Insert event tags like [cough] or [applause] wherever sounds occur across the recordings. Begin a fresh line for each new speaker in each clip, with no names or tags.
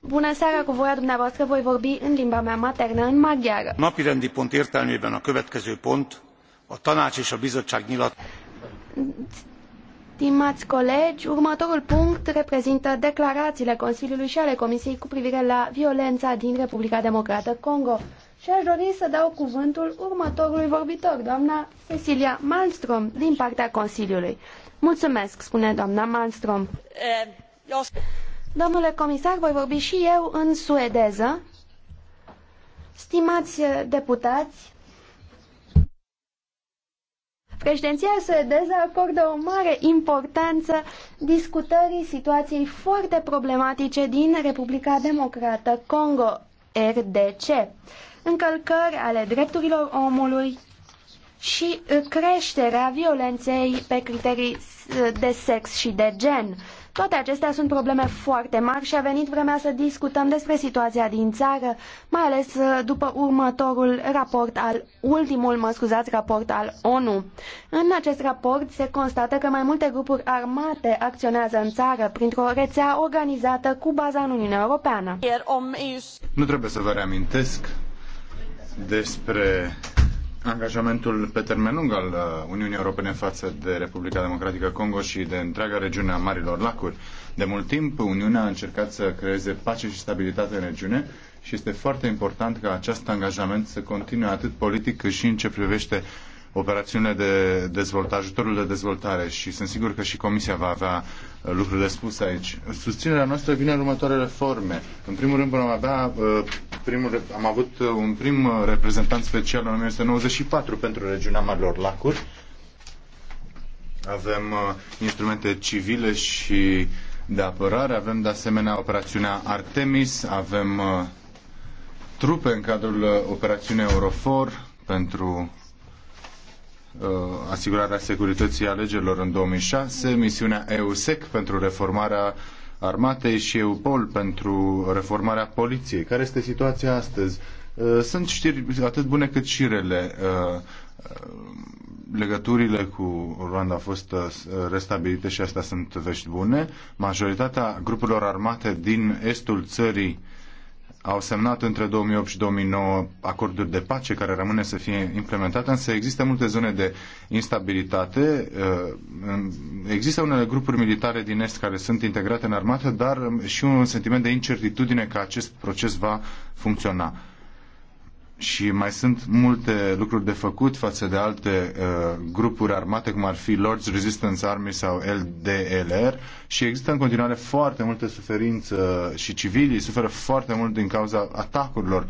Bună seara, cu voia dumneavoastră voi vorbi în limba mea maternă, în maghiară.
Napirendi pont értelmében a következő pont a tanács és a bizottság nyilat...
Stimați colegi, următorul punct reprezintă declarațiile Consiliului și ale Comisiei cu privire la violența din Republica Democrată Congo. Și aș dori să dau cuvântul următorului vorbitor, doamna Cecilia Malmström, din partea Consiliului. Mulțumesc, spune doamna Malmström. Domnule comisar, voi vorbi și eu în suedeză. Stimați deputați, Președinția suedeză acordă o mare importanță discutării situației foarte problematice din Republica Democrată Congo, RDC, încălcări ale drepturilor omului, și uh, creșterea violenței pe criterii uh, de sex și de gen. Toate acestea sunt probleme foarte mari și a venit vremea să discutăm despre situația din țară, mai ales uh, după următorul raport al, ultimul, mă scuzați, raport al ONU. În acest raport se constată că mai multe grupuri armate acționează în țară printr-o rețea organizată cu baza în Uniunea Europeană.
Nu trebuie să vă reamintesc despre angajamentul pe termen lung al uh, Uniunii Europene față de Republica Democratică Congo și de întreaga regiune a Marilor Lacuri. De mult timp, Uniunea a încercat să creeze pace și stabilitate în regiune și este foarte important ca acest angajament să continue atât politic cât și în ce privește operațiunile de dezvoltare, ajutorul de dezvoltare și sunt sigur că și Comisia va avea uh, lucruri de spus aici. Susținerea noastră vine în următoarele forme. În primul rând vom avea uh, primul, am avut uh, un prim uh, reprezentant special în 1994 pentru regiunea Marilor Lacuri. Avem uh, instrumente civile și de apărare, avem de asemenea operațiunea Artemis, avem trupe în cadrul operațiunii Eurofor pentru asigurarea securității alegerilor în 2006, misiunea EUSEC pentru reformarea Armate și EUPOL pentru reformarea poliției. Care este situația astăzi? Uh, sunt știri atât bune cât și rele. Uh, uh, legăturile cu Rwanda au fost restabilite și astea sunt vești bune. Majoritatea grupurilor armate din estul țării au semnat între 2008 și 2009 acorduri de pace care rămâne să fie implementate, însă există multe zone de instabilitate. Uh, există unele grupuri militare din Est care sunt integrate în armată, dar um, și un sentiment de incertitudine că acest proces va funcționa și mai sunt multe lucruri de făcut față de alte uh, grupuri armate, cum ar fi Lords Resistance Army sau LDLR și există în continuare foarte multe suferință și civilii suferă foarte mult din cauza atacurilor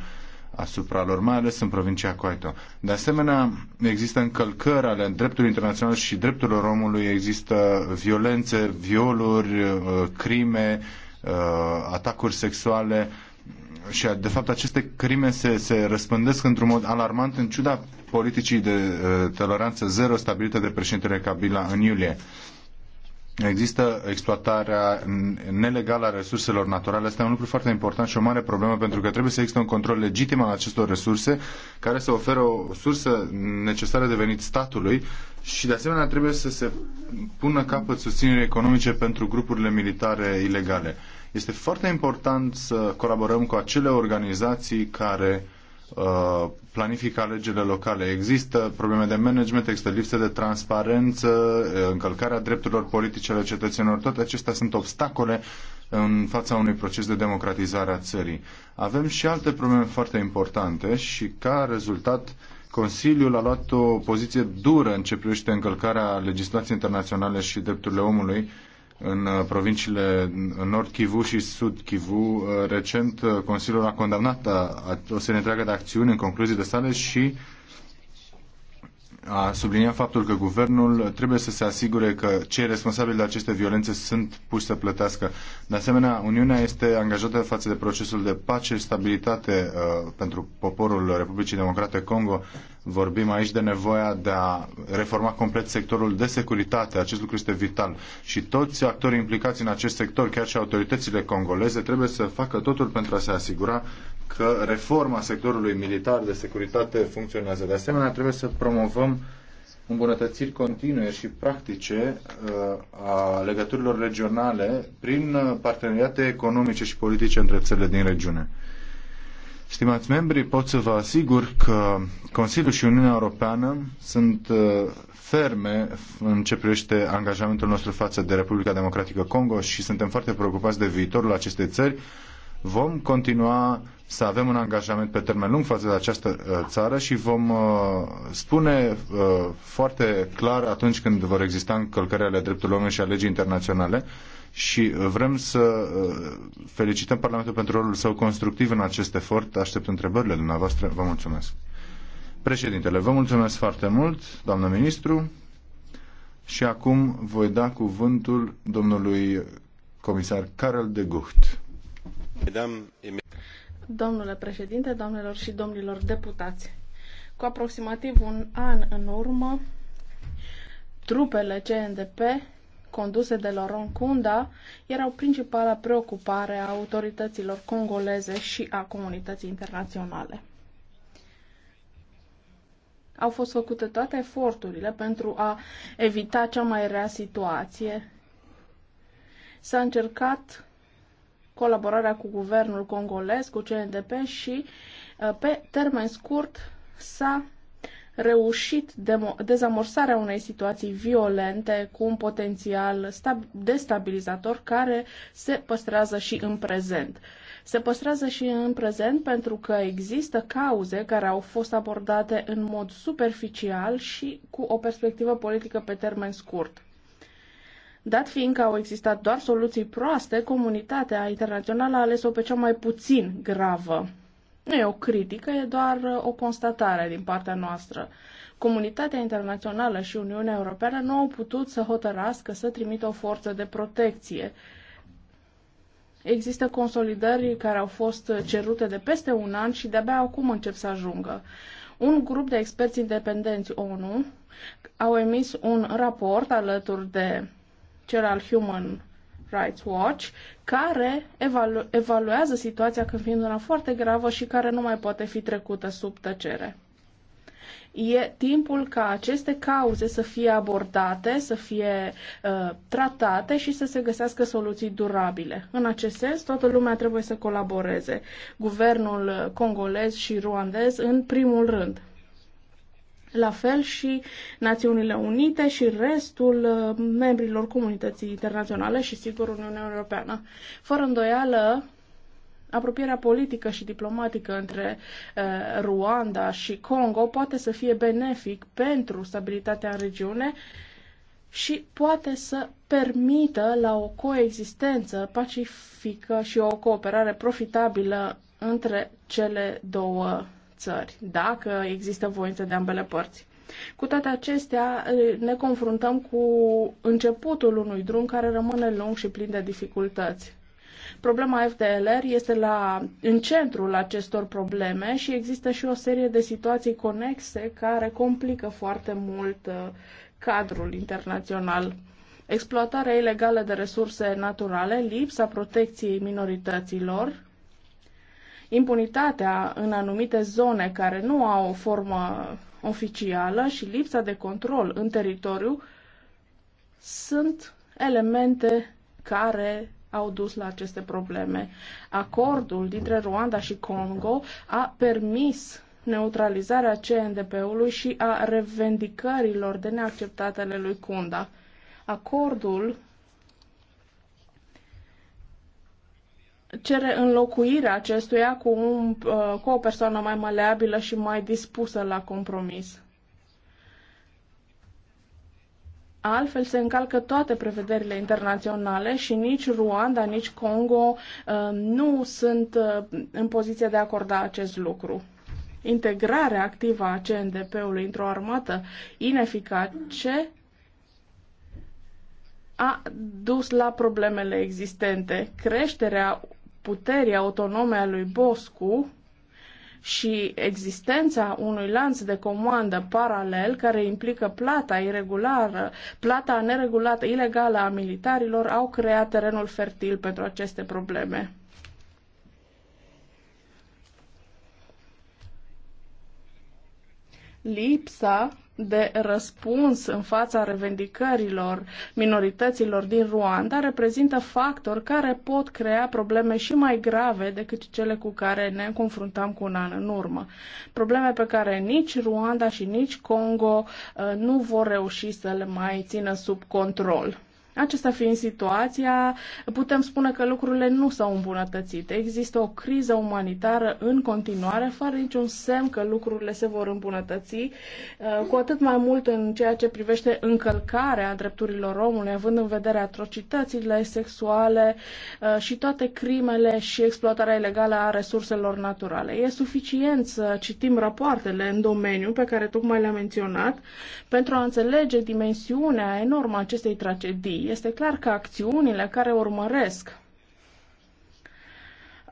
asupra lor, mai ales în provincia Coito. De asemenea, există încălcări ale dreptului internațional și drepturilor omului, există violențe, violuri, uh, crime, uh, atacuri sexuale, și de fapt aceste crime se, se răspândesc într-un mod alarmant în ciuda politicii de uh, toleranță zero stabilită de președintele Kabila în iulie. Există exploatarea nelegală a resurselor naturale. Asta e un lucru foarte important și o mare problemă pentru că trebuie să existe un control legitim al acestor resurse care să oferă o sursă necesară de venit statului și de asemenea trebuie să se pună capăt susținere economice pentru grupurile militare ilegale. Este foarte important să colaborăm cu acele organizații care uh, planifică alegerile locale. Există probleme de management, există lipsă de transparență, uh, încălcarea drepturilor politice ale cetățenilor, toate acestea sunt obstacole în fața unui proces de democratizare a țării. Avem și alte probleme foarte importante și ca rezultat Consiliul a luat o poziție dură în ce privește încălcarea legislației internaționale și drepturile omului în uh, provinciile Nord Kivu și Sud Kivu. Uh, recent, uh, Consiliul a condamnat o serie întreagă de acțiuni în concluzii de sale și a subliniat faptul că guvernul trebuie să se asigure că cei responsabili de aceste violențe sunt puși să plătească. De asemenea, Uniunea este angajată față de procesul de pace și stabilitate uh, pentru poporul Republicii Democrate Congo, Vorbim aici de nevoia de a reforma complet sectorul de securitate. Acest lucru este vital. Și toți actorii implicați în acest sector, chiar și autoritățile congoleze, trebuie să facă totul pentru a se asigura că reforma sectorului militar de securitate funcționează. De asemenea, trebuie să promovăm îmbunătățiri continue și practice uh, a legăturilor regionale prin uh, parteneriate economice și politice între țările din regiune. Stimați membri, pot să vă asigur că Consiliul și Uniunea Europeană sunt uh, ferme în ce privește angajamentul nostru față de Republica Democratică Congo și suntem foarte preocupați de viitorul acestei țări. Vom continua să avem un angajament pe termen lung față de această uh, țară și vom uh, spune foarte clar atunci când vor exista încălcări ale drepturilor omului și ale legii internaționale și uh, vrem să uh, felicităm Parlamentul pentru rolul său constructiv în acest efort. Aștept întrebările dumneavoastră. Vă mulțumesc. Președintele, vă mulțumesc foarte mult, doamnă ministru. Și acum voi da cuvântul domnului comisar Karel de Gucht.
Domnule președinte, doamnelor și domnilor deputați, cu aproximativ un an în urmă, trupele CNDP conduse de Laurent Kunda erau principala preocupare a autorităților congoleze și a comunității internaționale. Au fost făcute toate eforturile pentru a evita cea mai rea situație. S-a încercat colaborarea cu guvernul congolez, cu CNDP și uh, pe termen scurt s-a reușit dezamorsarea unei situații violente cu un potențial destabilizator care se păstrează și în prezent. Se păstrează și în prezent pentru că există cauze care au fost abordate în mod superficial și cu o perspectivă politică pe termen scurt. Dat fiind că au existat doar soluții proaste, comunitatea internațională a ales-o pe cea mai puțin gravă nu e o critică, e doar uh, o constatare din partea noastră. Comunitatea internațională și Uniunea Europeană nu au putut să hotărască să trimită o forță de protecție. Există consolidări care au fost cerute de peste un an și de-abia acum încep să ajungă. Un grup de experți independenți ONU au emis un raport alături de cel al Human Rights Watch, care evalu- evaluează situația când fiind una foarte gravă și care nu mai poate fi trecută sub tăcere. E timpul ca aceste cauze să fie abordate, să fie uh, tratate și să se găsească soluții durabile. În acest sens, toată lumea trebuie să colaboreze, guvernul congolez și ruandez în primul rând. La fel și Națiunile Unite și restul uh, membrilor comunității internaționale și, sigur, Uniunea Europeană. Fără îndoială, apropierea politică și diplomatică între uh, Ruanda și Congo poate să fie benefic pentru stabilitatea în regiune și poate să permită la o coexistență pacifică și o cooperare profitabilă între cele două țări, dacă există voință de ambele părți. Cu toate acestea, ne confruntăm cu începutul unui drum care rămâne lung și plin de dificultăți. Problema FDLR este la, în centrul acestor probleme și există și o serie de situații conexe care complică foarte mult uh, cadrul internațional. Exploatarea ilegală de resurse naturale, lipsa protecției minorităților, impunitatea în anumite zone care nu au o formă oficială și lipsa de control în teritoriu sunt elemente care au dus la aceste probleme. Acordul dintre Rwanda și Congo a permis neutralizarea CNDP-ului și a revendicărilor de neacceptatele lui Kunda. Acordul cere înlocuirea acestuia cu, un, uh, cu o persoană mai maleabilă și mai dispusă la compromis. Altfel se încalcă toate prevederile internaționale și nici Ruanda, nici Congo uh, nu sunt uh, în poziție de a acorda acest lucru. Integrarea activă a CNDP-ului într-o armată ineficace a dus la problemele existente. Creșterea puterii autonome a lui Boscu și existența unui lanț de comandă paralel care implică plata irregulară, plata neregulată, ilegală a militarilor, au creat terenul fertil pentru aceste probleme. Lipsa de răspuns în fața revendicărilor minorităților din Ruanda reprezintă factori care pot crea probleme și mai grave decât cele cu care ne confruntam cu un an în urmă. Probleme pe care nici Ruanda și nici Congo uh, nu vor reuși să le mai țină sub control. Acesta fiind situația, putem spune că lucrurile nu s-au îmbunătățit. Există o criză umanitară în continuare, fără niciun semn că lucrurile se vor îmbunătăți, uh, cu atât mai mult în ceea ce privește încălcarea drepturilor omului, având în vedere atrocitățile sexuale uh, și toate crimele și exploatarea ilegală a resurselor naturale. E suficient să citim rapoartele în domeniu pe care tocmai le-am menționat pentru a înțelege dimensiunea enormă a acestei tragedii este clar că acțiunile care urmăresc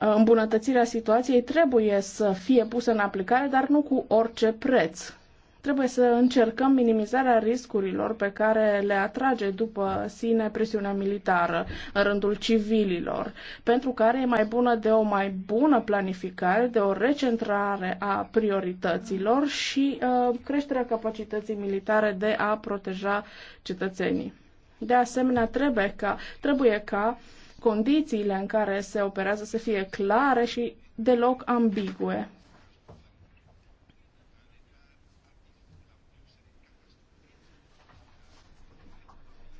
uh, îmbunătățirea situației trebuie să fie puse în aplicare, dar nu cu orice preț. Trebuie să încercăm minimizarea riscurilor pe care le atrage după sine presiunea militară în rândul civililor, pentru care e mai bună de o mai bună planificare, de o recentrare a priorităților și uh, creșterea capacității militare de a proteja cetățenii. De asemenea, trebuie ca, trebuie ca condițiile în care se operează să fie clare și deloc ambigue.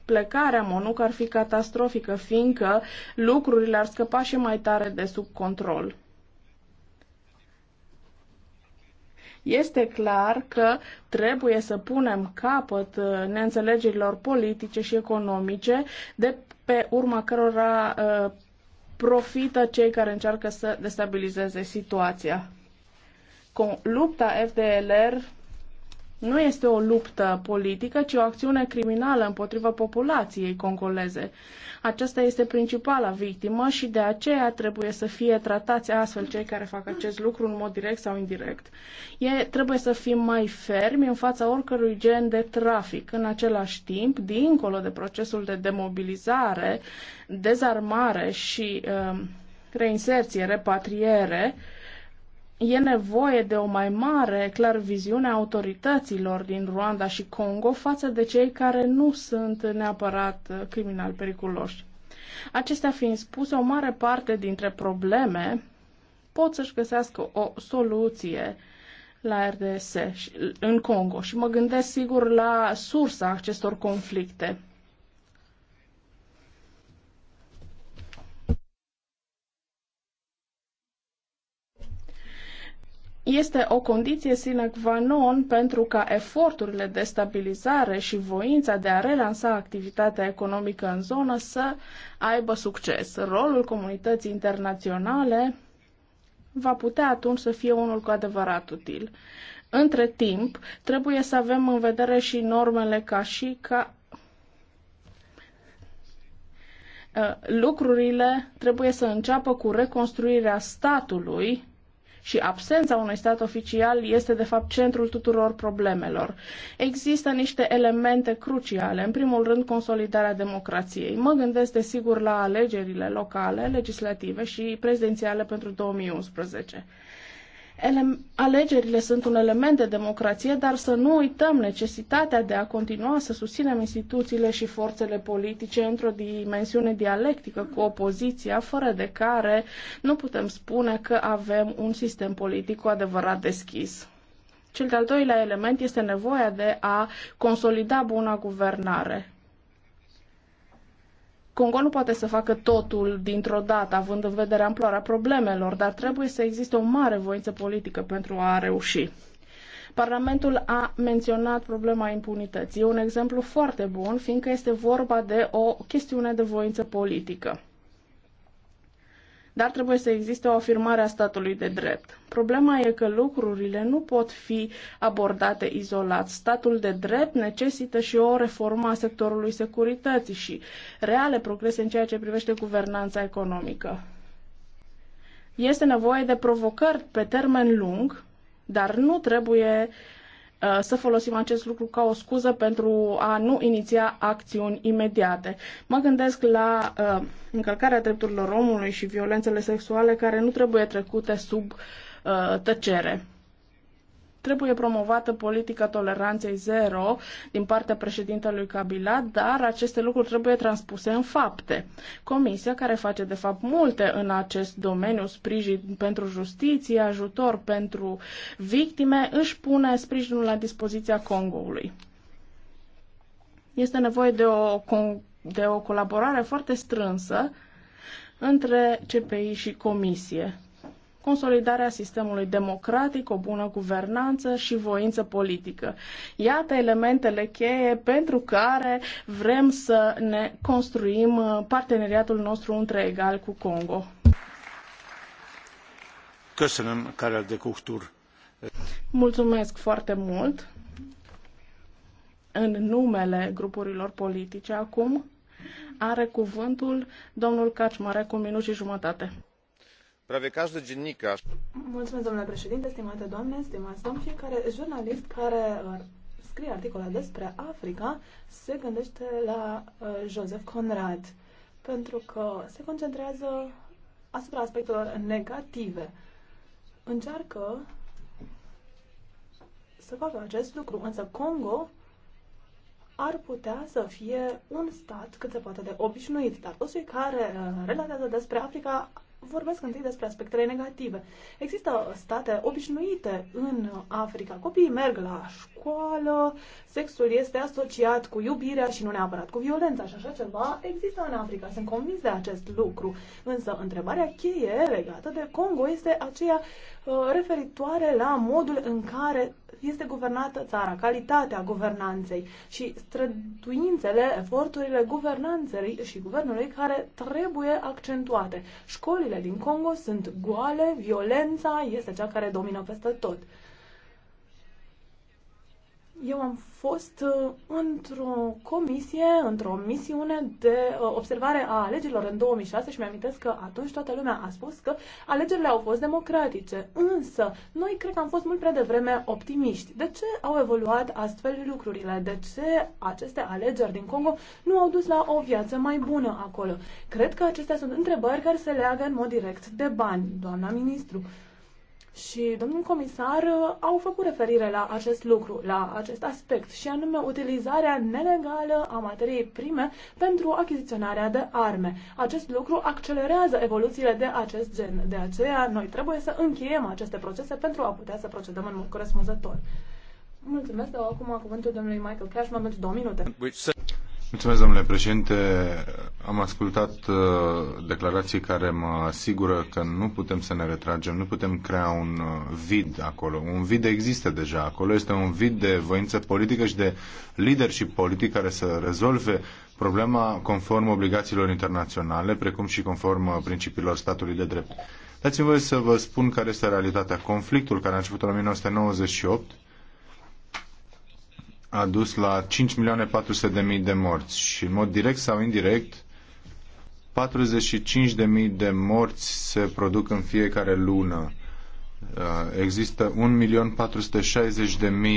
Plecarea monuc ar fi catastrofică, fiindcă lucrurile ar scăpa și mai tare de sub control. Este clar că trebuie să punem capăt uh, neînțelegerilor politice și economice de pe urma cărora uh, profită cei care încearcă să destabilizeze situația. Lupta FDLR nu este o luptă politică, ci o acțiune criminală împotriva populației congoleze. Aceasta este principala victimă și de aceea trebuie să fie tratați astfel cei care fac acest lucru în mod direct sau indirect. E, trebuie să fim mai fermi în fața oricărui gen de trafic. În același timp, dincolo de procesul de demobilizare, dezarmare și uh, reinserție, repatriere, uh, E nevoie de o mai mare, clar, viziune a autorităților din Rwanda și Congo față de cei care nu sunt neapărat uh, criminali periculoși. Acestea fiind spuse, o mare parte dintre probleme pot să-și găsească o soluție la RDS în Congo și mă gândesc sigur la sursa acestor conflicte. este o condiție sine qua non pentru ca eforturile de stabilizare și voința de a relansa activitatea economică în zonă să aibă succes. Rolul comunității internaționale va putea atunci să fie unul cu adevărat util. Între timp, trebuie să avem în vedere și normele ca și ca uh, lucrurile trebuie să înceapă cu reconstruirea statului și absența unui stat oficial este de fapt centrul tuturor problemelor. Există niște elemente cruciale, în primul rând consolidarea democrației. Mă gândesc desigur la alegerile locale, legislative și prezidențiale pentru 2011. Ele- alegerile sunt un element de democrație, dar să nu uităm necesitatea de a continua să susținem instituțiile și forțele politice într-o dimensiune dialectică cu opoziția, fără de care nu putem spune că avem un sistem politic cu adevărat deschis. Cel de-al doilea element este nevoia de a consolida buna guvernare. Congo nu poate să facă totul dintr-o dată, având în vedere amploarea problemelor, dar trebuie să existe o mare voință politică pentru a reuși. Parlamentul a menționat problema impunității. E un exemplu foarte bun, fiindcă este vorba de o chestiune de voință politică dar trebuie să existe o afirmare a statului de drept. Problema e că lucrurile nu pot fi abordate izolat. Statul de drept necesită și o reformă a sectorului securității și reale progrese în ceea ce privește guvernanța economică. Este nevoie de provocări pe termen lung, dar nu trebuie uh, Uh, să folosim acest lucru ca o scuză pentru a nu iniția acțiuni imediate. Mă gândesc la uh, încălcarea drepturilor omului și violențele sexuale care nu trebuie trecute sub uh, tăcere. Trebuie promovată politica toleranței zero din partea președintelui Kabila, dar aceste lucruri trebuie transpuse în fapte. Comisia, care face de fapt multe în acest domeniu, sprijin pentru justiție, ajutor pentru victime, își pune sprijinul la dispoziția Congoului. Este nevoie de o, de o colaborare foarte strânsă între CPI și Comisie consolidarea sistemului democratic, o bună guvernanță și voință politică. Iată elementele cheie pentru care vrem să ne construim uh, parteneriatul nostru între egal cu Congo. Mulțumesc foarte mult în numele grupurilor politice acum are cuvântul domnul Cacmare cu minut și jumătate
prawie każdy
Mulțumesc, domnule președinte, stimate doamne, stimați domn, fiecare jurnalist care uh, scrie articole despre Africa se gândește la uh, Joseph Conrad, pentru că se concentrează asupra aspectelor negative. Încearcă să facă acest lucru, însă Congo ar putea să fie un stat cât se poate de obișnuit, dar toți cei care uh, relatează despre Africa vorbesc întâi despre aspectele negative. Există state obișnuite în Africa. Copiii merg la școală, sexul este asociat cu iubirea și nu neapărat cu violența și așa ceva există în Africa. Sunt convins de acest lucru. Însă întrebarea cheie legată de Congo este aceea uh, referitoare la modul în care este guvernată țara, calitatea guvernanței și străduințele, eforturile guvernanței și guvernului care trebuie accentuate. Școlile din Congo sunt goale, violența este cea care domină peste tot. Eu am fost uh, într-o comisie, într-o misiune de uh, observare a alegerilor în 2006 și mi-amintesc că atunci toată lumea a spus că alegerile au fost democratice. Însă, noi cred că am fost mult prea devreme optimiști. De ce au evoluat astfel lucrurile? De ce aceste alegeri din Congo nu au dus la o viață mai bună acolo? Cred că acestea sunt întrebări care se leagă în mod direct de bani, doamna ministru și domnul comisar uh, au făcut referire la acest lucru, la acest aspect, și anume utilizarea nelegală a materiei prime pentru achiziționarea de arme. Acest lucru accelerează evoluțiile de acest gen. De aceea, noi trebuie să încheiem aceste procese pentru a putea să procedăm în mod corespunzător. Mulțumesc, dau acum cuvântul domnului Michael Cashman pentru două minute.
Mulțumesc, domnule președinte. Am ascultat uh, declarații care mă asigură că nu putem să ne retragem, nu putem crea un uh, vid acolo. Un vid există deja acolo, este un vid de voință politică și de leadership politic care să rezolve problema conform obligațiilor internaționale, precum și conform uh, principiilor statului de drept. Dați-mi voi să vă spun care este realitatea. Conflictul care a început în 1998 a dus la 5 milioane de morți și în mod direct sau indirect 45.000 de de morți se produc în fiecare lună. Uh, există 1.460.000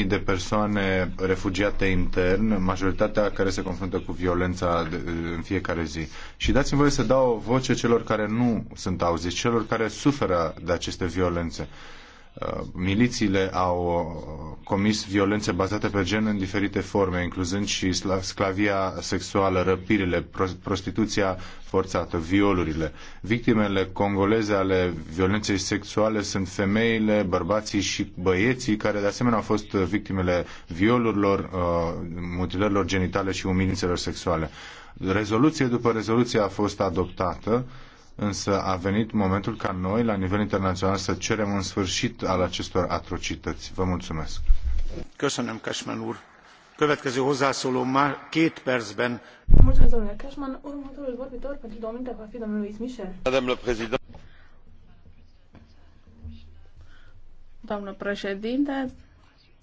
de persoane refugiate intern, majoritatea care se confruntă cu violența uh, în fiecare zi. Și dați-mi voie să dau o voce celor care nu sunt auziți, celor care suferă de aceste violențe. Uh, milițiile au uh, comis violențe bazate pe gen în diferite forme, incluzând și sclavia sexuală, răpirile, prostituția forțată, violurile. Victimele congoleze ale violenței sexuale sunt femeile, bărbații și băieții, care de asemenea au fost victimele violurilor, uh, mutilărilor genitale și umilințelor sexuale. Rezoluție după rezoluție a fost adoptată însă a venit momentul ca noi, la nivel internațional, să cerem un sfârșit al acestor atrocități.
Vă mulțumesc. Köszönöm, Cashman úr. Következő hozzászóló már két percben.
Mulțumesc, domnule
Doamnă președinte,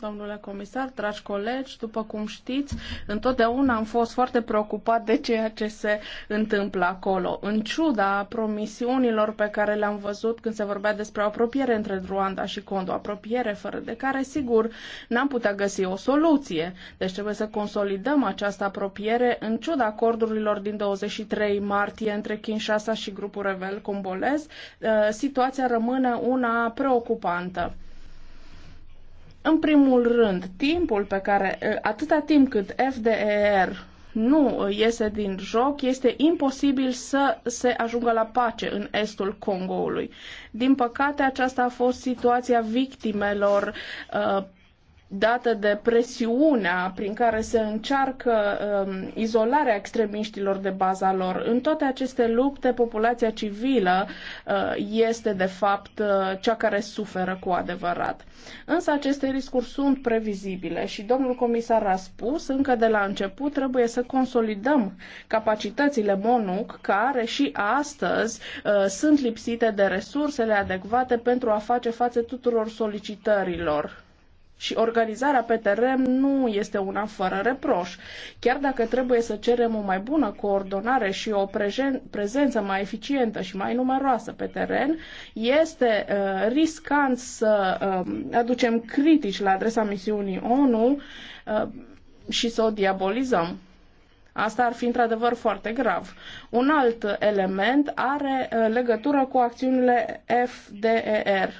Domnule comisar, dragi colegi, după cum știți, întotdeauna am fost foarte preocupat de ceea ce se întâmplă acolo. În ciuda promisiunilor pe care le-am văzut când se vorbea despre o apropiere între Ruanda și Condo, apropiere fără de care, sigur, n-am putea găsi o soluție. Deci trebuie să consolidăm această apropiere în ciuda acordurilor din 23 martie între Kinshasa și grupul rebel combolez. Uh, situația rămâne una preocupantă. În primul rând, timpul pe care, atâta timp cât FDER nu iese din joc, este imposibil să se ajungă la pace în estul Congoului. Din păcate, aceasta a fost situația victimelor uh, dată de presiunea prin care se încearcă um, izolarea extremiștilor de baza lor. În toate aceste lupte, populația civilă uh, este, de fapt, uh, cea care suferă cu adevărat. Însă aceste riscuri sunt previzibile și domnul comisar a spus, încă de la început, trebuie să consolidăm capacitățile MONUC, care și astăzi uh, sunt lipsite de resursele adecvate pentru a face față tuturor solicitărilor și organizarea pe teren nu este una fără reproș. Chiar dacă trebuie să cerem o mai bună coordonare și o prezență mai eficientă și mai numeroasă pe teren, este uh, riscant să uh, aducem critici la adresa misiunii ONU uh, și să o diabolizăm. Asta ar fi într-adevăr foarte grav. Un alt element are uh, legătură cu acțiunile FDER,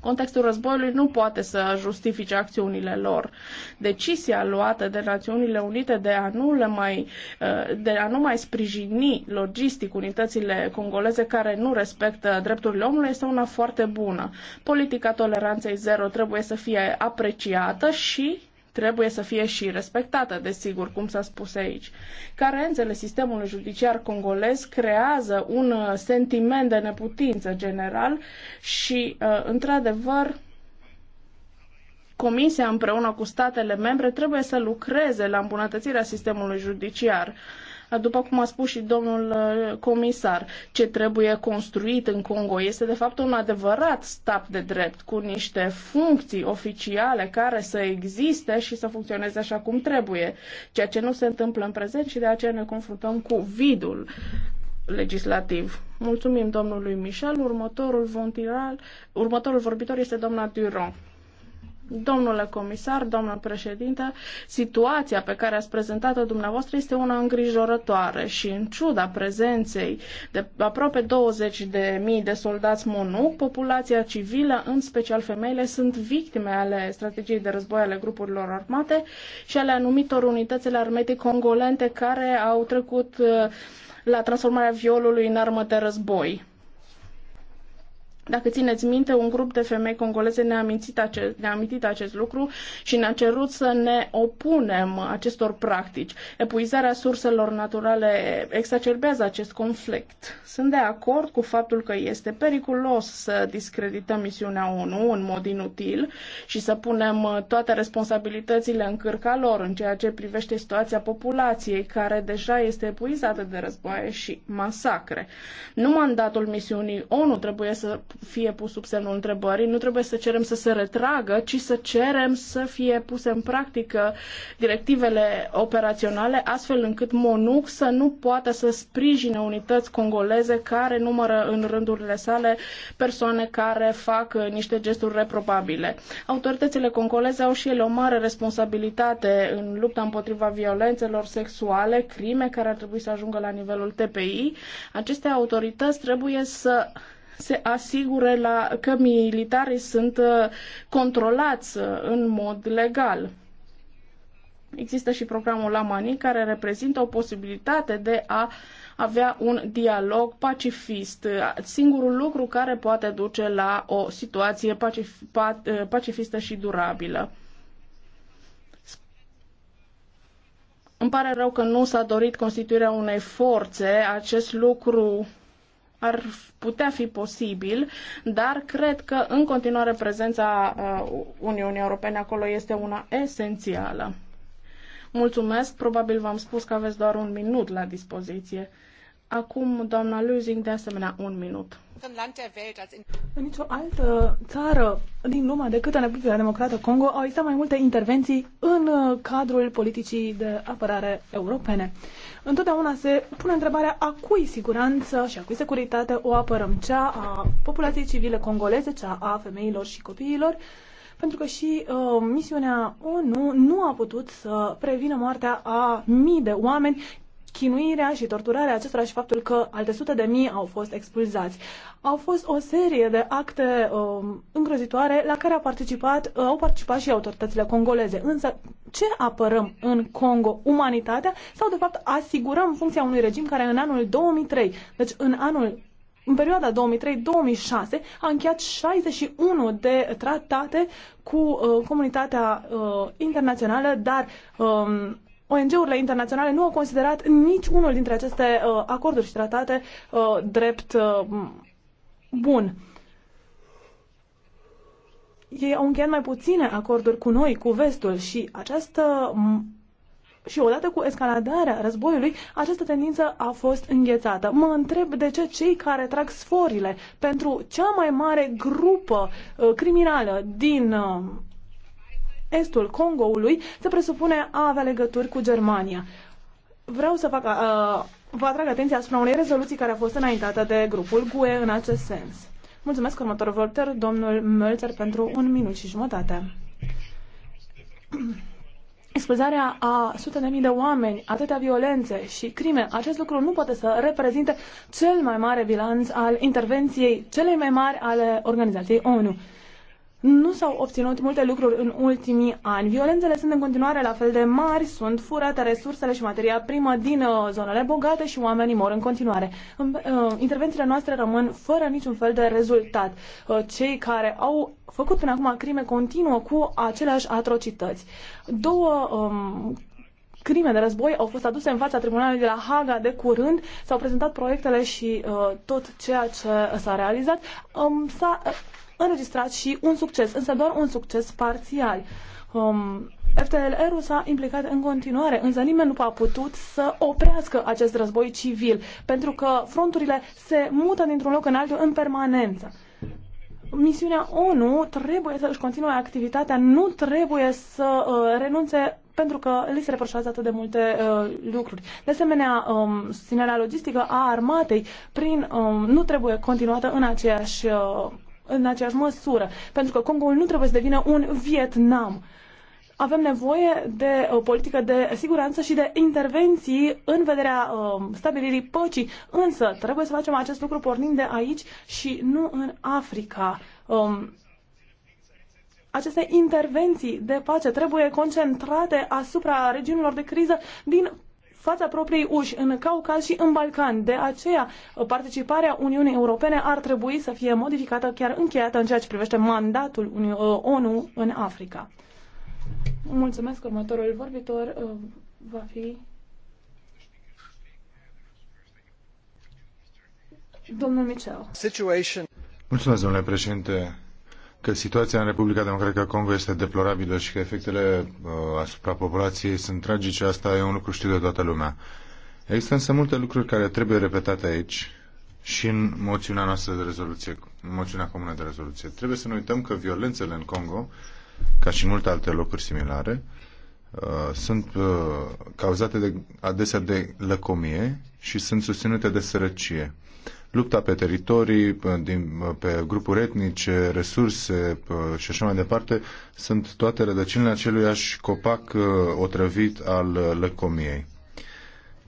contextul războiului nu poate să justifice acțiunile lor. Decizia luată de Națiunile Unite de a nu, le mai, uh, de a nu mai sprijini logistic unitățile congoleze care nu respectă drepturile omului este una foarte bună. Politica toleranței zero trebuie să fie apreciată și trebuie să fie și respectată, desigur, cum s-a spus aici. Carențele sistemului judiciar congolez creează un uh, sentiment de neputință general și, uh, într-adevăr, Comisia împreună cu statele membre trebuie să lucreze la îmbunătățirea sistemului judiciar. Uh, după cum a spus și domnul uh, comisar, ce trebuie construit în Congo este de fapt un adevărat stat de drept cu niște funcții oficiale care să existe și să funcționeze așa cum trebuie, ceea ce nu se întâmplă în prezent și de aceea ne confruntăm cu vidul legislativ. Mulțumim domnului Michel. Următorul, vontiral, următorul vorbitor este doamna Duron. Domnule comisar, doamnă președinte, situația pe care ați prezentat-o dumneavoastră este una îngrijorătoare și în ciuda prezenței de aproape 20 de mii de soldați MONU, populația civilă, în special femeile, sunt victime ale strategiei de război ale grupurilor armate și ale anumitor unitățile armate congolente care au trecut uh, la transformarea violului în armă de război dacă țineți minte, un grup de femei congoleze ne-a, amintit acest, ne-a amintit acest lucru și ne-a cerut să ne opunem acestor practici. Epuizarea surselor naturale exacerbează acest conflict. Sunt de acord cu faptul că este periculos să discredităm misiunea ONU în mod inutil și să punem toate responsabilitățile în cârca lor în ceea ce privește situația populației, care deja este epuizată de războaie și masacre. Nu mandatul misiunii ONU trebuie să fie pus sub semnul întrebării, nu trebuie să cerem să se retragă, ci să cerem să fie puse în practică directivele operaționale, astfel încât MONUC să nu poată să sprijine unități congoleze care numără în rândurile sale persoane care fac uh, niște gesturi reprobabile. Autoritățile congoleze au și ele o mare responsabilitate în lupta împotriva violențelor sexuale, crime care ar trebui să ajungă la nivelul TPI. Aceste autorități trebuie să se asigure la, că militarii sunt uh, controlați uh, în mod legal. Există și programul Lamani care reprezintă o posibilitate de a avea un dialog pacifist. Singurul lucru care poate duce la o situație pacif uh, pacifistă și durabilă. Îmi pare rău că nu s-a dorit constituirea unei forțe. Acest lucru ar putea fi posibil, dar cred că în continuare prezența uh, Uniunii Europene acolo este una esențială. Mulțumesc, probabil v-am spus că aveți doar un minut la dispoziție. Acum, doamna Lusing, de asemenea, un minut. În nicio altă țară din lume decât în
Republica Democrată Congo au existat mai multe intervenții în uh, cadrul politicii de apărare europene. Întotdeauna se pune întrebarea a cui siguranță și a cui securitate o apărăm, cea a populației civile congoleze, cea a femeilor și copiilor, pentru că și uh, misiunea ONU nu a putut să prevină moartea a mii de oameni, chinuirea și torturarea acestora și faptul că alte sute de mii au fost expulzați. Au fost o serie de acte um, îngrozitoare la care au participat, uh, au participat și autoritățile congoleze. Însă, ce apărăm în Congo? Umanitatea? Sau, de fapt, asigurăm funcția unui regim care în anul 2003, deci în anul în perioada 2003-2006 a încheiat 61 de tratate cu uh, comunitatea uh, internațională, dar um, ONG-urile internaționale nu au considerat nici unul dintre aceste uh, acorduri și tratate uh, drept uh, bun. Ei au încheiat mai puține acorduri cu noi, cu vestul și această și odată cu escaladarea războiului, această tendință a fost înghețată. Mă întreb de ce cei care trag sforile pentru cea mai mare grupă uh, criminală din uh, estul Congoului se presupune a avea legături cu Germania. Vreau să fac, uh, vă atrag atenția asupra unei rezoluții care a fost înaintată de grupul GUE în acest sens. Mulțumesc, următorul volter, domnul Mölzer, pentru un minut și jumătate. [clears throat] Expulzarea a sute de mii de oameni, atâtea violențe și crime, acest lucru nu poate să reprezinte cel mai mare bilanț al intervenției celei mai mari ale organizației ONU nu s-au obținut multe lucruri în ultimii ani. Violențele sunt în continuare la fel de mari, sunt furate resursele și materia primă din uh, zonele bogate și oamenii mor în continuare. Uh, intervențiile noastre rămân fără niciun fel de rezultat. Uh, cei care au făcut până acum crime continuă cu aceleași atrocități. Două um, crime de război au fost aduse în fața tribunalului de la Haga de curând, s-au prezentat proiectele și uh, tot ceea ce s-a realizat. Um, s-a uh, înregistrat și un succes, însă doar un succes parțial. Um, FTLR-ul s-a implicat în continuare, însă nimeni nu a putut să oprească acest război civil, pentru că fronturile se mută dintr-un loc în altul în permanență. Misiunea ONU trebuie să și continue activitatea, nu trebuie să uh, renunțe pentru că li se reproșează atât de multe uh, lucruri. De asemenea, um, susținerea logistică a armatei prin, um, nu trebuie continuată în aceeași, uh, în aceeași măsură, pentru că Congo nu trebuie să devină un Vietnam avem nevoie de o uh, politică de siguranță și de intervenții în vederea uh, stabilirii păcii. Însă, trebuie să facem acest lucru pornind de aici și nu în Africa. Um, aceste intervenții de pace trebuie concentrate asupra regiunilor de criză din fața propriei uși, în Caucaz și în Balcan. De aceea, participarea Uniunii Europene ar trebui să fie modificată, chiar încheiată în ceea ce privește mandatul uh, ONU în Africa. Mulțumesc. Următorul vorbitor uh, va fi
domnul Michel.
Mulțumesc, domnule președinte că situația în Republica Democratică Congo este deplorabilă și că efectele uh, asupra populației sunt tragice, asta e un lucru știu de toată lumea. Există însă multe lucruri care trebuie repetate aici și în moțiunea noastră de rezoluție, în moțiunea comună de rezoluție. Trebuie să nu uităm că violențele în Congo, ca și în multe alte locuri similare, uh, sunt uh, cauzate de, adesea de lăcomie și sunt susținute de sărăcie lupta pe teritorii, din, pe grupuri etnice, resurse și așa mai departe, sunt toate rădăcinile aceluiași copac uh, otrăvit al uh, lăcomiei.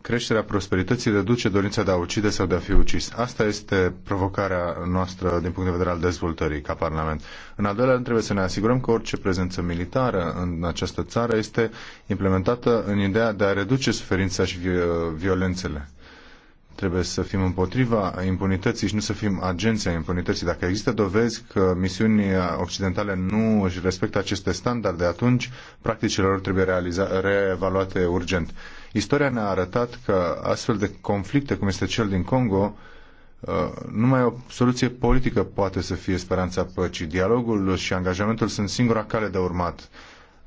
Creșterea prosperității reduce dorința de a ucide sau de a fi ucis. Asta este provocarea noastră din punct de vedere al dezvoltării ca Parlament. În al doilea rând, trebuie să ne asigurăm că orice prezență militară în această țară este implementată în ideea de a reduce suferința și uh, violențele Trebuie să fim împotriva impunității și nu să fim agenții a impunității. Dacă există dovezi că misiunii occidentale nu își respectă aceste standarde, atunci practicile lor trebuie realiza, reevaluate urgent. Istoria ne-a arătat că astfel de conflicte, cum este cel din Congo, uh, numai o soluție politică poate să fie speranța păcii. Dialogul și angajamentul sunt singura cale de urmat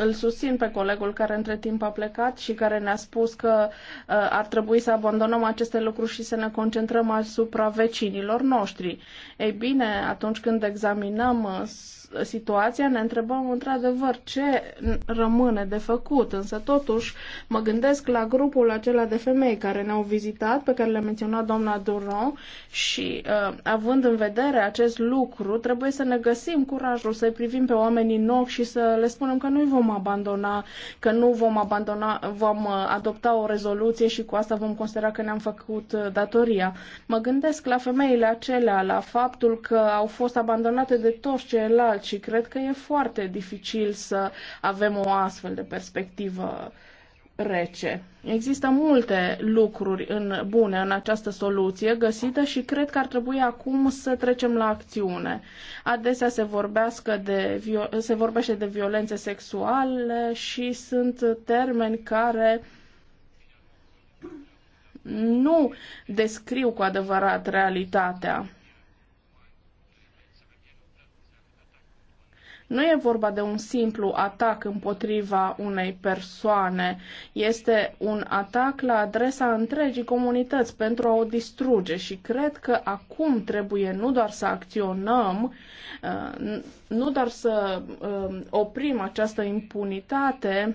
îl susțin pe colegul care între timp a plecat și care ne-a spus că uh, ar trebui să abandonăm aceste lucruri și să ne concentrăm asupra vecinilor noștri. Ei bine, atunci când examinăm uh, situația, ne întrebăm într-adevăr ce rămâne de făcut, însă totuși mă gândesc la grupul acela de femei care ne-au vizitat, pe care le-a menționat doamna Duron și uh, având în vedere acest lucru, trebuie să ne găsim curajul să-i privim pe oamenii în ochi și să le spunem că nu vom abandona, că nu vom abandona, vom uh, adopta o rezoluție și cu asta vom considera că ne-am făcut uh, datoria. Mă gândesc la femeile acelea, la faptul că au fost abandonate de toți ceilalți alt și cred că e foarte dificil să avem o astfel de perspectivă rece. Există multe lucruri în bune în această soluție găsită și cred că ar trebui acum să trecem la acțiune. Adesea se, vorbească de, se vorbește de violențe sexuale și sunt termeni care nu descriu cu adevărat realitatea Nu e vorba de un simplu atac împotriva unei persoane, este un atac la adresa întregii comunități pentru a o distruge și cred că acum trebuie nu doar să acționăm, uh, nu doar să uh, oprim această impunitate,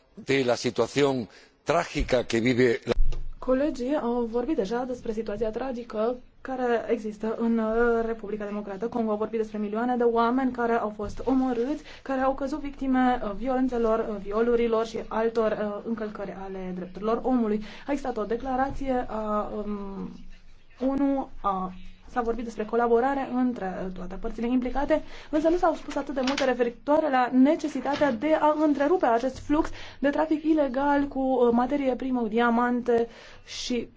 de la situación trágica que vive.
Colegii au vorbit deja despre situația tragică care există în uh, Republica Democrată Congo. Au vorbit despre milioane de oameni care au fost omorâți, care au căzut victime uh, violențelor, uh, violurilor și altor încălcări ale drepturilor omului. A existat o declarație a um, ONU, a S-a vorbit despre colaborare între toate părțile implicate, însă nu s-au spus atât de multe referitoare la necesitatea de a întrerupe acest flux de trafic ilegal cu uh, materie primă, diamante și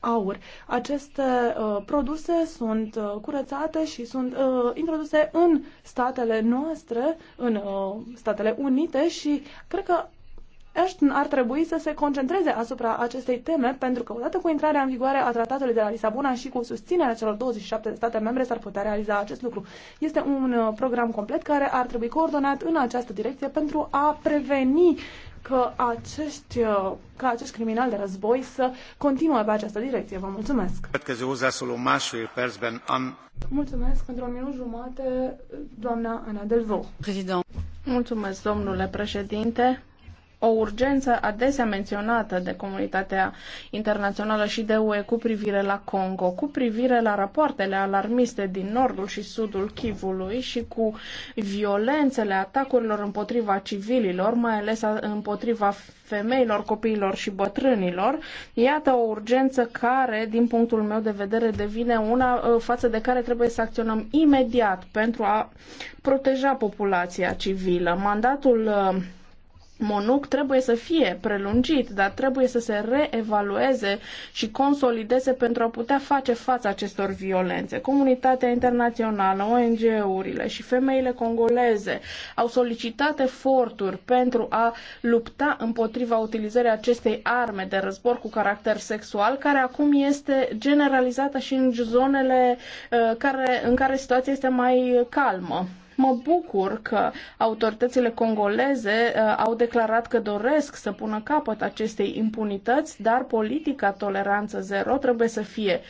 aur. Aceste uh, produse sunt uh, curățate și sunt uh, introduse în statele noastre, în uh, Statele Unite și cred că Ashton ar trebui să se concentreze asupra acestei teme, pentru că odată cu intrarea în vigoare a tratatului de la Lisabona și cu susținerea celor 27 de state membre s-ar putea realiza acest lucru. Este un uh, program complet care ar trebui coordonat în această direcție pentru a preveni că acești, uh, că acești criminali de război să continue pe această direcție. Vă mulțumesc! Mulțumesc pentru un minut jumate,
doamna Ana Delvaux. Mulțumesc, domnule președinte o urgență adesea menționată de comunitatea internațională și de UE cu privire la Congo, cu privire la rapoartele alarmiste din nordul și sudul Chivului și cu violențele atacurilor împotriva civililor, mai ales împotriva femeilor, copiilor și bătrânilor. Iată o urgență care, din punctul meu de vedere, devine una uh, față de care trebuie să acționăm imediat pentru a proteja populația civilă. Mandatul uh, Monuc trebuie să fie prelungit, dar trebuie să se reevalueze și consolideze pentru a putea face față acestor violențe. Comunitatea internațională, ONG-urile și femeile congoleze au solicitat eforturi pentru a lupta împotriva utilizării acestei arme de război cu caracter sexual, care acum este generalizată și în zonele uh, care, în care situația este mai calmă Mă bucur că autoritățile congoleze uh, au declarat că doresc să pună capăt acestei impunități, dar politica toleranță zero trebuie să fie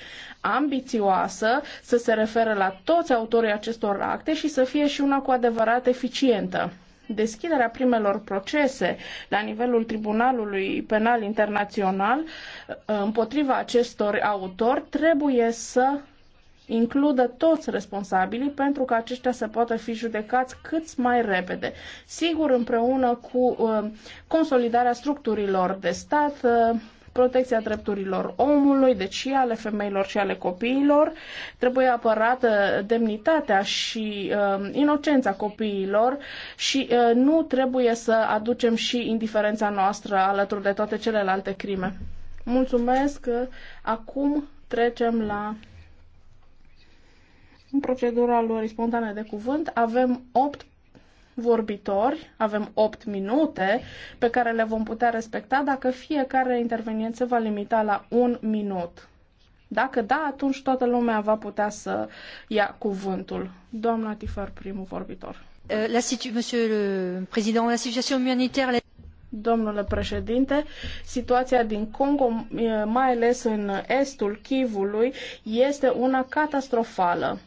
ambițioasă, să se referă la toți autorii acestor acte și să fie și una cu adevărat eficientă deschiderea primelor procese la nivelul Tribunalului Penal Internațional uh, împotriva acestor autori trebuie să includă toți responsabilii pentru că aceștia să poată fi judecați cât mai repede. Sigur, împreună cu uh, consolidarea structurilor de stat, uh, protecția drepturilor omului, deci și ale femeilor și ale copiilor. Trebuie apărată demnitatea și uh, inocența copiilor și uh, nu trebuie să aducem și indiferența noastră alături de toate celelalte crime. Mulțumesc. Acum trecem la în procedura lor spontane de cuvânt avem 8 vorbitori, avem 8 minute pe care le vom putea respecta dacă fiecare intervenient se va limita la un minut. Dacă da, atunci toată lumea va putea să ia cuvântul. Doamna Tifar, primul vorbitor. Euh, la situ, monsieur le président, la situation humanitaire... La... Domnule președinte, situația din Congo, mai ales în estul Chivului, este una catastrofală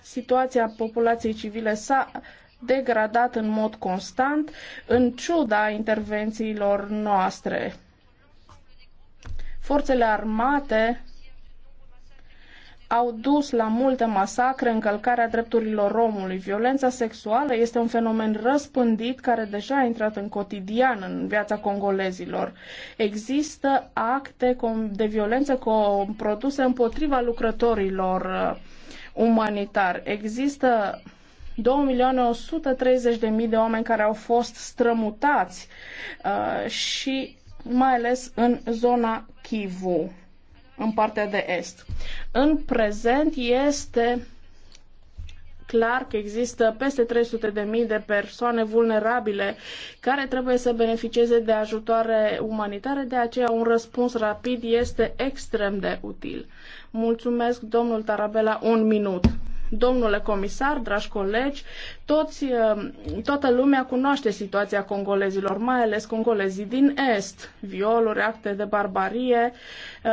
situația populației civile s-a degradat în mod constant, în ciuda intervențiilor noastre. Forțele armate au dus la multe masacre, încălcarea drepturilor omului. Violența sexuală este un fenomen răspândit care deja a intrat în cotidian în viața congolezilor. Există acte de violență produse împotriva lucrătorilor umanitar. Există 2.130.000 de oameni care au fost strămutați uh, și mai ales în zona Kivu, în partea de est. În prezent este clar că există peste 300 de mii de persoane vulnerabile care trebuie să beneficieze de ajutoare umanitare, de aceea un răspuns rapid este extrem de util. Mulțumesc, domnul Tarabela, un minut. Domnule comisar, dragi colegi, toți, eh, toată lumea cunoaște situația congolezilor, mai ales congolezii din Est, violuri, acte de barbarie, eh,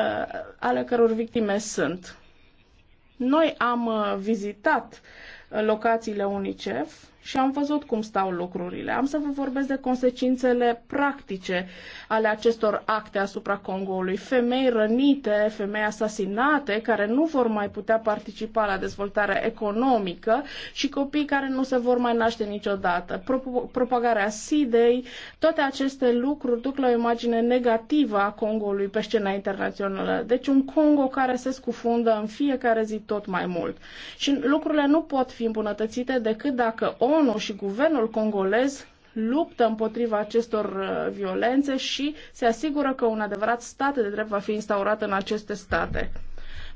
ale căror victime sunt. Noi am eh, vizitat locațiile UNICEF, și am văzut cum stau lucrurile. Am să vă vorbesc de consecințele practice ale acestor acte asupra Congoului. Femei rănite, femei asasinate, care nu vor mai putea participa la dezvoltarea economică și copii care nu se vor mai naște niciodată. propagarea SIDEI, toate aceste lucruri duc la o imagine negativă a Congoului pe scena internațională. Deci un Congo care se scufundă în fiecare zi tot mai mult. Și lucrurile nu pot fi îmbunătățite decât dacă o ONU și guvernul congolez luptă împotriva acestor uh, violențe și se asigură că un adevărat stat de drept va fi instaurat în aceste state.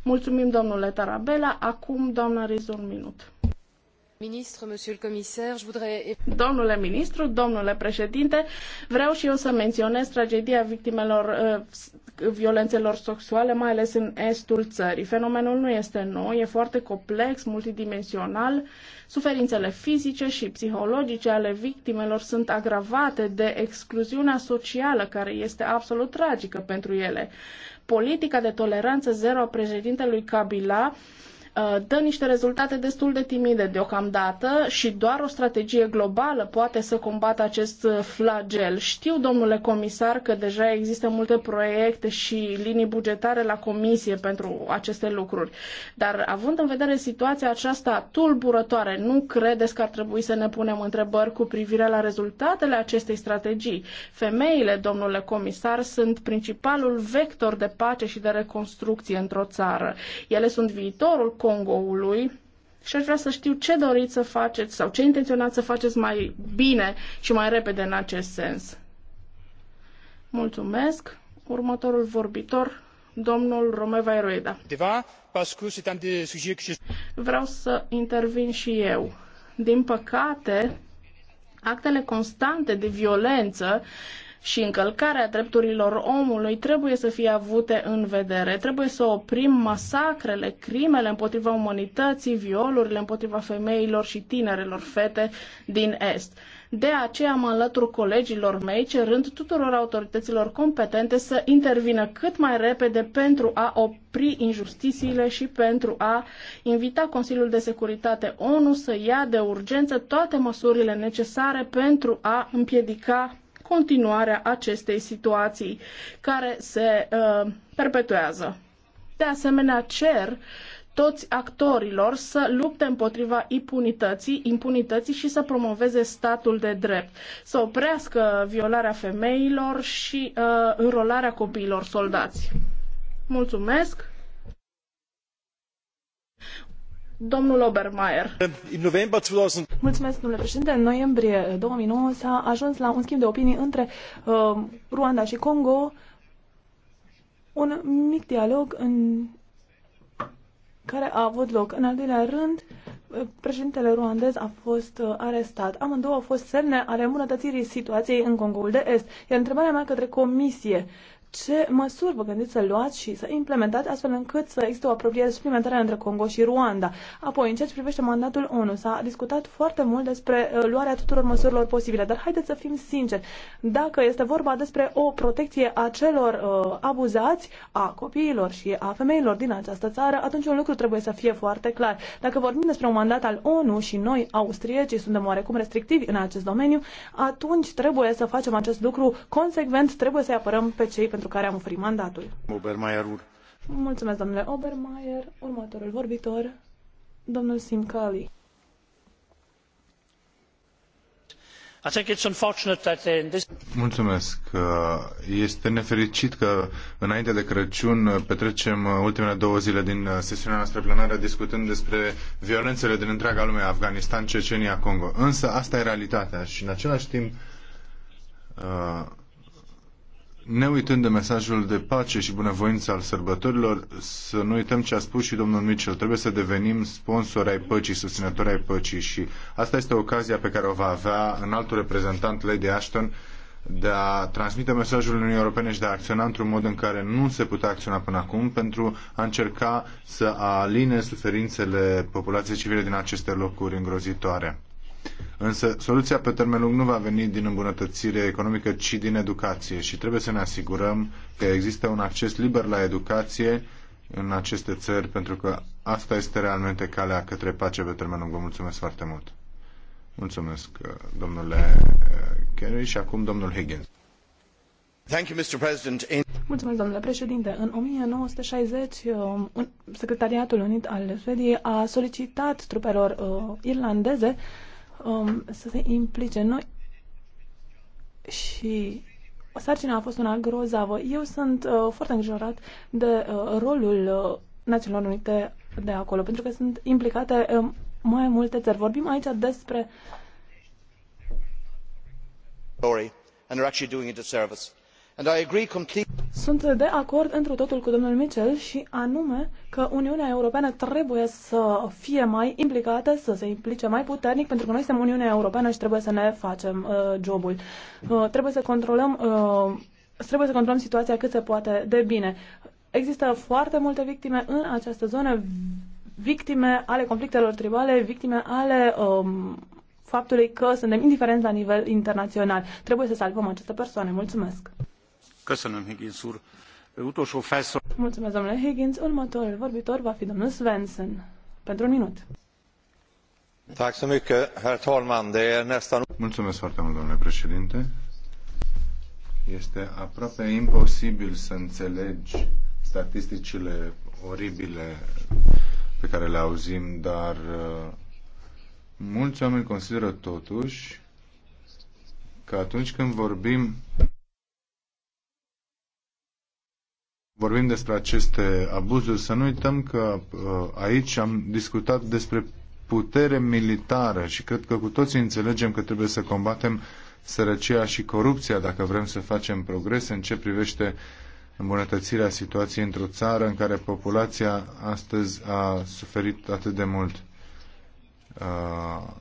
Mulțumim, domnule Tarabella. Acum, doamna Riz, un minut. Ministru,
comisar, voudrais...
Domnule ministru, domnule președinte, vreau și eu să menționez tragedia victimelor uh, violențelor sexuale, mai ales în estul țării. Fenomenul nu este nou, e foarte complex, multidimensional. Suferințele fizice și psihologice ale victimelor sunt agravate de excluziunea socială, care este absolut tragică pentru ele. Politica de toleranță zero a președintelui Kabila Uh, dă niște rezultate destul de timide deocamdată și doar o strategie globală poate să combată acest uh, flagel. Știu, domnule comisar, că deja există multe proiecte și linii bugetare la comisie pentru aceste lucruri, dar având în vedere situația aceasta tulburătoare, nu credeți că ar trebui să ne punem întrebări cu privire la rezultatele acestei strategii? Femeile, domnule comisar, sunt principalul vector de pace și de reconstrucție într-o țară. Ele sunt viitorul Congoului și aș vrea să știu ce doriți să faceți sau ce intenționați să faceți mai bine și mai repede în acest sens. Mulțumesc. Următorul vorbitor, domnul Romeva Eroeda. Vreau să intervin și eu. Din păcate, actele constante de violență și încălcarea drepturilor omului trebuie să fie avute în vedere. Trebuie să oprim masacrele, crimele împotriva umanității, violurile împotriva femeilor și tinerelor fete din Est. De aceea mă alătur colegilor mei, cerând tuturor autorităților competente să intervină cât mai repede pentru a opri injustițiile și pentru a invita Consiliul de Securitate ONU să ia de urgență toate măsurile necesare pentru a împiedica continuarea acestei situații care se uh, perpetuează. De asemenea, cer toți actorilor să lupte împotriva impunității, impunității și să promoveze statul de drept, să oprească violarea femeilor și uh, înrolarea copiilor soldați. Mulțumesc! în
noiembrie două mii nouă În noiembrie s-a ajuns la un schimb de opinii între uh, Ruanda și Congo, un mic dialog în care a avut loc. În al doilea rând, uh, președintele ruandez a fost uh, arestat. Amândouă au fost semne ale îmbunătățirii situației în Congoul de Est. Iar întrebarea mea către comisie, ce măsuri vă gândiți să luați și să implementați astfel încât să existe o apropiere suplimentară între Congo și Ruanda. Apoi, în ceea ce privește mandatul ONU, s-a discutat foarte mult despre uh, luarea tuturor măsurilor posibile, dar haideți să fim sinceri. Dacă este vorba despre o protecție a celor uh, abuzați, a copiilor și a femeilor din această țară, atunci un lucru trebuie să fie foarte clar. Dacă vorbim despre un mandat al ONU și noi, austriecii, suntem oarecum restrictivi în acest domeniu, atunci trebuie să facem acest lucru consecvent, trebuie să-i apărăm pe cei pentru pentru care am oferit mandatul. Obermeier. Mulțumesc, domnule Obermeier. Următorul vorbitor, domnul Simcali.
Uh,
Mulțumesc. Uh, este nefericit că înainte de Crăciun uh, petrecem ultimele două zile din sesiunea noastră plenară discutând despre violențele din întreaga lume, Afganistan, Cecenia, Congo. Însă asta e realitatea și în același timp uh, ne uitând de mesajul de pace și bunăvoință al sărbătorilor, să nu uităm ce a spus și domnul Mitchell. Trebuie să devenim sponsor ai păcii, susținători ai păcii și asta este ocazia pe care o va avea în altul reprezentant Lady Ashton de a transmite mesajul Uniunii Europene și de a acționa într-un mod în care nu se putea acționa până acum pentru a încerca să aline suferințele populației civile din aceste locuri îngrozitoare. Însă soluția pe termen lung nu va veni din îmbunătățire economică, ci din educație și trebuie să ne asigurăm că există un acces liber la educație în aceste țări, pentru că asta este realmente calea către pace pe termen lung. Vă mulțumesc foarte mult. Mulțumesc, uh, domnule Kerry uh, și acum domnul Higgins.
Mulțumesc, domnule președinte. În 1960, uh, Secretariatul Unit al Suediei a solicitat trupelor irlandeze um, să se implice. Noi și sarcina a fost una grozavă. Eu sunt uh, foarte îngrijorat de uh, rolul uh, Națiunilor Unite de acolo, pentru că sunt implicate uh, mai multe țări. Vorbim aici despre.
Sorry, and they're actually doing it a service
sunt de acord întru totul cu domnul Mitchell și anume că Uniunea Europeană trebuie să fie mai implicată, să se implice mai puternic, pentru că noi suntem Uniunea Europeană și trebuie să ne facem uh, jobul. Uh, trebuie să controlăm uh, trebuie să controlăm situația cât se poate de bine. Există foarte multe victime în această zonă, victime ale conflictelor tribale, victime ale um, faptului că suntem indiferenți la nivel internațional. Trebuie să salvăm aceste persoane. Mulțumesc! Mulțumesc, domnule Higgins. Următorul vorbitor va fi domnul Svensson. Pentru un minut.
Mulțumesc foarte mult, domnule președinte. Este aproape imposibil să înțelegi statisticile oribile pe care le auzim, dar uh, mulți oameni consideră totuși că atunci când vorbim vorbim despre aceste abuzuri, să nu uităm că uh, aici am discutat despre putere militară și cred că cu toții înțelegem că trebuie să combatem sărăcia și corupția dacă vrem să facem progres în ce privește îmbunătățirea situației într-o țară în care populația astăzi a suferit atât de mult. Uh,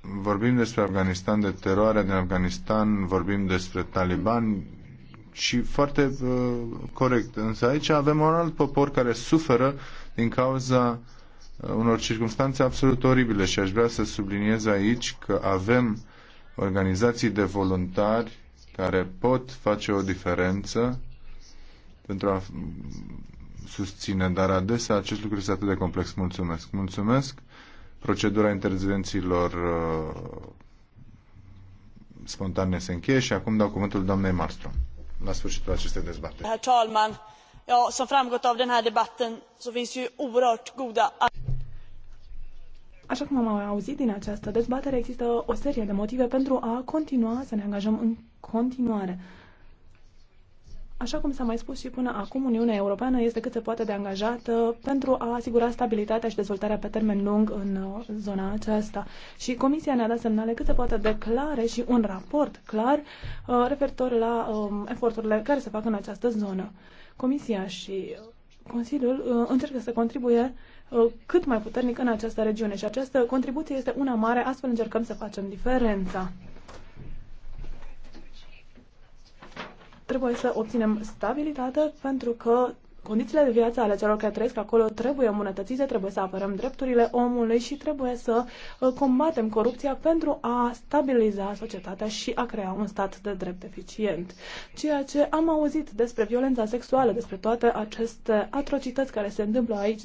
vorbim despre Afganistan de teroare din Afganistan, vorbim despre talibani, și foarte uh, corect. Însă aici avem un alt popor care suferă din cauza uh, unor circunstanțe absolut oribile și aș vrea să subliniez aici că avem organizații de voluntari care pot face o diferență pentru a susține, dar adesea acest lucru este atât de complex. Mulțumesc. Mulțumesc. Procedura intervențiilor uh, spontane se încheie și acum dau cuvântul doamnei Marstrom la sfârșitul acestei dezbateri.
Așa cum am auzit din această dezbatere, există o serie de motive pentru a continua să ne angajăm în continuare. Așa cum s-a mai spus și până acum, Uniunea Europeană este cât se poate de angajată pentru a asigura stabilitatea și dezvoltarea pe termen lung în uh, zona aceasta. Și Comisia ne-a dat semnale cât se poate de clare și un raport clar uh, referitor la um, eforturile care se fac în această zonă. Comisia și Consiliul uh, încercă să contribuie cât mai puternic în această regiune și această contribuție este una mare, astfel încercăm să facem diferența. trebuie să obținem stabilitate pentru că condițiile de viață ale celor care trăiesc acolo trebuie îmbunătățite, trebuie să apărăm drepturile omului și trebuie să uh, combatem corupția pentru a stabiliza societatea și a crea un stat de drept eficient. Ceea ce am auzit despre violența sexuală, despre toate aceste atrocități care se întâmplă aici,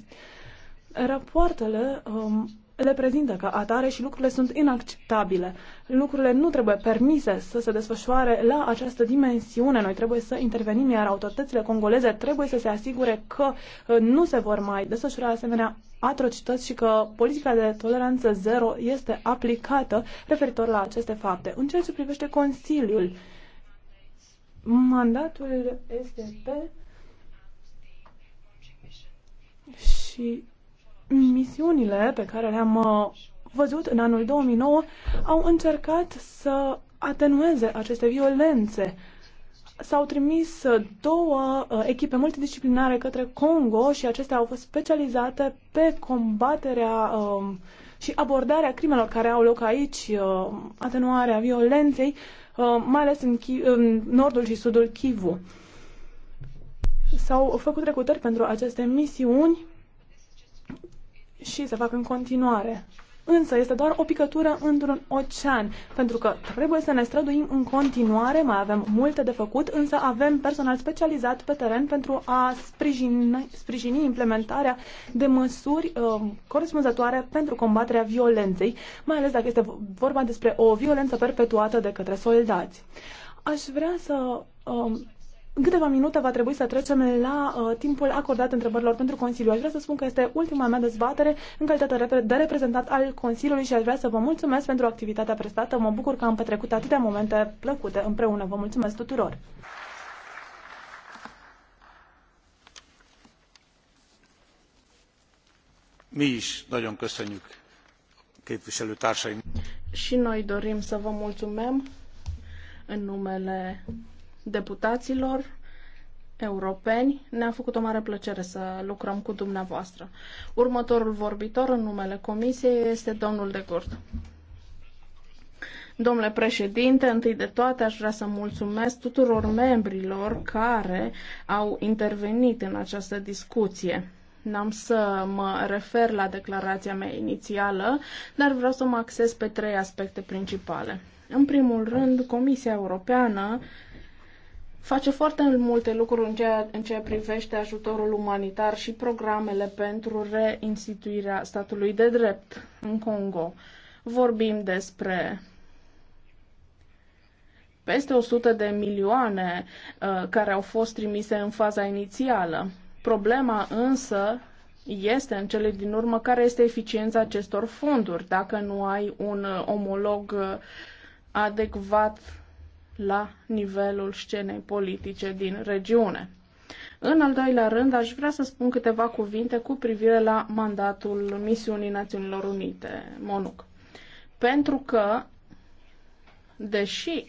rapoartele um, le prezintă ca atare și lucrurile sunt inacceptabile. Lucrurile nu trebuie permise să se desfășoare la această dimensiune. Noi trebuie să intervenim, iar autoritățile congoleze trebuie să se asigure că uh, nu se vor mai desfășura asemenea atrocități și că politica de toleranță zero este aplicată referitor la aceste fapte. În ceea ce privește Consiliul, mandatul este pe și misiunile pe care le-am uh, văzut în anul 2009 au încercat să atenueze aceste violențe. S-au trimis uh, două uh, echipe multidisciplinare către Congo și acestea au fost specializate pe combaterea um, și abordarea crimelor care au loc aici, atenuarea violenței, mai ales în, Chi- în nordul și sudul Kivu. S-au făcut recrutări pentru aceste misiuni și se fac în continuare. Însă este doar o picătură într-un ocean, pentru că trebuie să ne străduim în continuare, mai avem multe de făcut, însă avem personal specializat pe teren pentru a sprijini, sprijini implementarea de măsuri uh, corespunzătoare pentru combaterea violenței, mai ales dacă este vorba despre o violență perpetuată de către soldați. Aș vrea să uh, în câteva minute va trebui să trecem la uh, timpul acordat întrebărilor pentru Consiliu. Aș vrea să spun că este ultima mea dezbatere în calitate de reprezentant al Consiliului și aș vrea să vă mulțumesc pentru activitatea prestată. Mă bucur că am petrecut atâtea momente plăcute împreună. Vă mulțumesc tuturor!
Și noi dorim să vă mulțumim în numele deputaților europeni. Ne-a făcut o mare plăcere să lucrăm cu dumneavoastră. Următorul vorbitor în numele Comisiei este domnul de Gurt. Domnule președinte, întâi de toate aș vrea să mulțumesc tuturor membrilor care au intervenit în această discuție. N-am să mă refer la declarația mea inițială, dar vreau să mă axez pe trei aspecte principale. În primul rând, Comisia Europeană face foarte multe lucruri în ceea, în ceea privește ajutorul umanitar și programele pentru reinstituirea statului de drept în Congo. Vorbim despre peste 100 de milioane uh, care au fost trimise în faza inițială. Problema însă este în cele din urmă care este eficiența acestor fonduri dacă nu ai un uh, omolog uh, adecvat la nivelul scenei politice din regiune. În al doilea rând, aș vrea să spun câteva cuvinte cu privire la mandatul misiunii Națiunilor Unite, MONUC. Pentru că, deși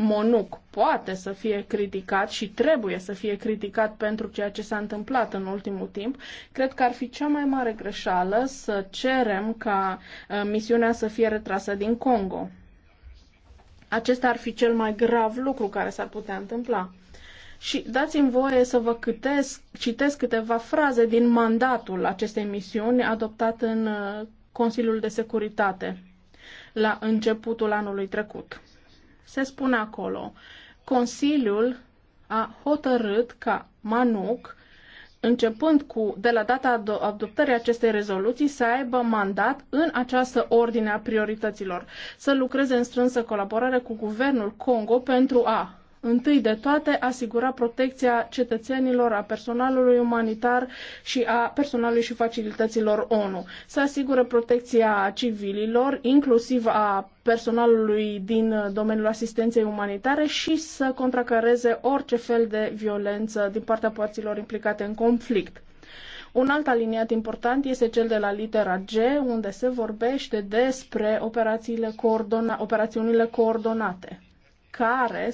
Monuc poate să fie criticat și trebuie să fie criticat pentru ceea ce s-a întâmplat în ultimul timp, cred că ar fi cea mai mare greșeală să cerem ca uh, misiunea să fie retrasă din Congo. Acesta ar fi cel mai grav lucru care s-ar putea întâmpla. Și dați-mi voie să vă citesc, citesc câteva fraze din mandatul acestei misiuni adoptat în uh, Consiliul de Securitate la începutul anului trecut. Se spune acolo, Consiliul a hotărât ca Manuc începând cu de la data adoptării acestei rezoluții, să aibă mandat în această ordine a priorităților, să lucreze în strânsă colaborare cu guvernul Congo pentru a Întâi de toate, asigura protecția cetățenilor, a personalului umanitar și a personalului și facilităților ONU. Să asigură protecția civililor, inclusiv a personalului din domeniul asistenței umanitare și să contracareze orice fel de violență din partea părților implicate în conflict. Un alt aliniat important este cel de la litera G, unde se vorbește despre operațiile coordona- operațiunile coordonate, care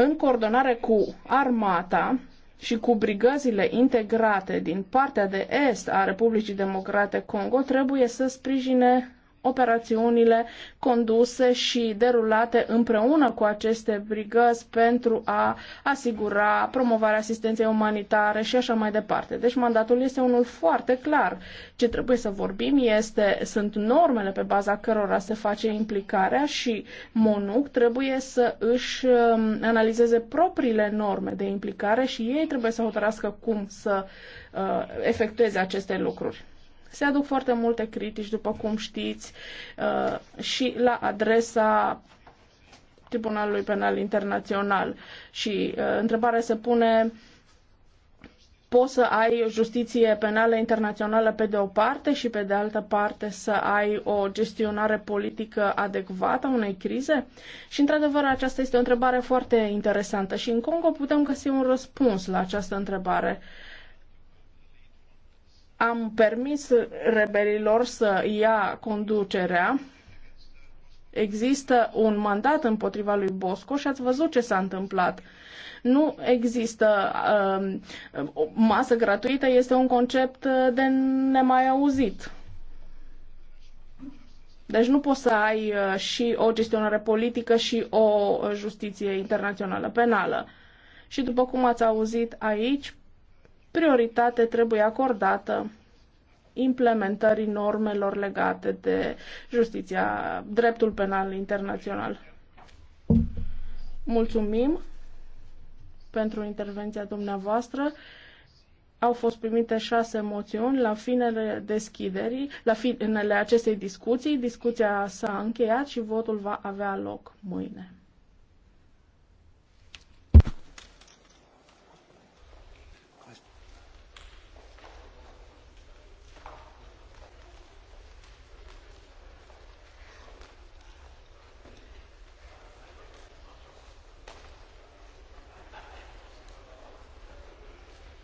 în coordonare cu armata și cu brigăzile integrate din partea de est a Republicii Democrate Congo, trebuie să sprijine operațiunile conduse și derulate împreună cu aceste brigăzi pentru a asigura promovarea asistenței umanitare și așa mai departe. Deci mandatul este unul foarte clar. Ce trebuie să vorbim este, sunt normele pe baza cărora se face implicarea și MONUC trebuie să își um, analizeze propriile norme de implicare și ei trebuie să hotărască cum să uh, efectueze aceste lucruri. Se aduc foarte multe critici, după cum știți, uh, și la adresa Tribunalului Penal Internațional. Și uh, întrebarea se pune poți să ai justiție penală internațională pe de o parte și pe de altă parte să ai o gestionare politică adecvată a unei crize? Și într-adevăr aceasta este o întrebare foarte interesantă și în Congo putem găsi un răspuns la această întrebare. Uh, am permis rebelilor să ia conducerea. Există un mandat împotriva lui Bosco și ați văzut ce s-a întâmplat. Nu există uh, masă gratuită, este un concept de nemai auzit. Deci nu poți să ai uh, și o gestionare politică și o justiție internațională penală. Și după cum ați auzit aici, prioritate trebuie acordată implementării normelor legate de justiția, dreptul penal internațional. Mulțumim pentru intervenția dumneavoastră. Au fost primite șase moțiuni. La finele deschiderii, la finele acestei discuții, discuția s-a încheiat și votul va avea loc mâine.